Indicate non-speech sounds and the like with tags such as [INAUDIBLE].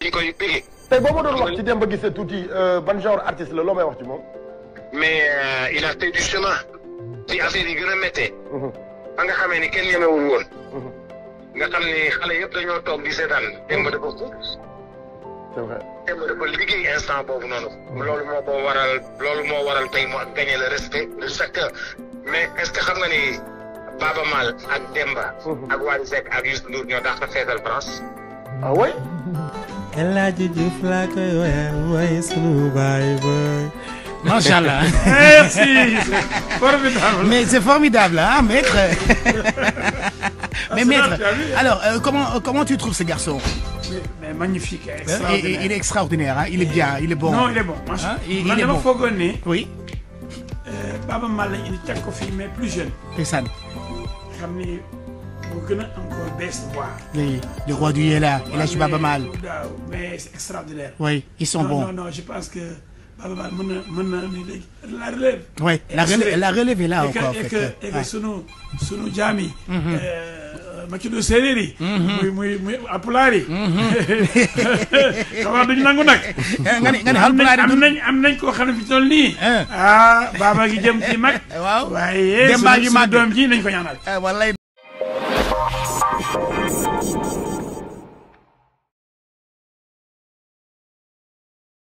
dañ koy bëggee. tey boo ma doon wax ci Demba Guissé tuuti euh, ban genre artiste la loo may moom. mais euh, il a fait du chemin. ci affaire yi gën a méttee. Mhm. ba nga xamee ni kenn ñemewul woon. Mhm. nga xam ni xale yëpp dañoo toog di seetaan Demba dafa ko. c'est vrai Demba dafa instant boobu noonu. loolu moo ko waral loolu moo waral tey mu gagné le respect de chaque mais est-ce xam na ni. Baba Maal ak Demba. Mhm. ak Wally Seck ak Youssou Ndour ñoo tax a feesal France. ah macha allah [LAUGHS] merci. formidable mais c'est formidable ah maître. [LAUGHS] mais maître alors euh, euh, comment tu trouves ce garçon. mais magnifique. Euh, extraordinaire il est bien il est bon. il est bon oui. Euh, Baba Maal lañu indi teg ko mais plus jeune. ndeysaan. xam ni moo gën a encore baisse de voix. oui le roi du Yela El Hadj Baba Maal. waaw mais c'est extraordinaire. oui ils sont non, bons non non je pense que Baba Maal mën na mën na ni léegi la relève. oui la relève la relève est là encore. et que et que sunu sunu jaam yi. Mhm. Euh, ma ci du séeréer yi. Mhm. muy muy muy apulaar yi. xam mhm. [LAUGHS] nangu nag. Eh, nga ni nga ni apulaar yi am nañ am nañ koo xam ne fi toll nii. Eh. ah baaba jëm ci mag. [LAUGHS] waaw waaye. démbaay yu doom ji nañ ko ñaanal. Eh,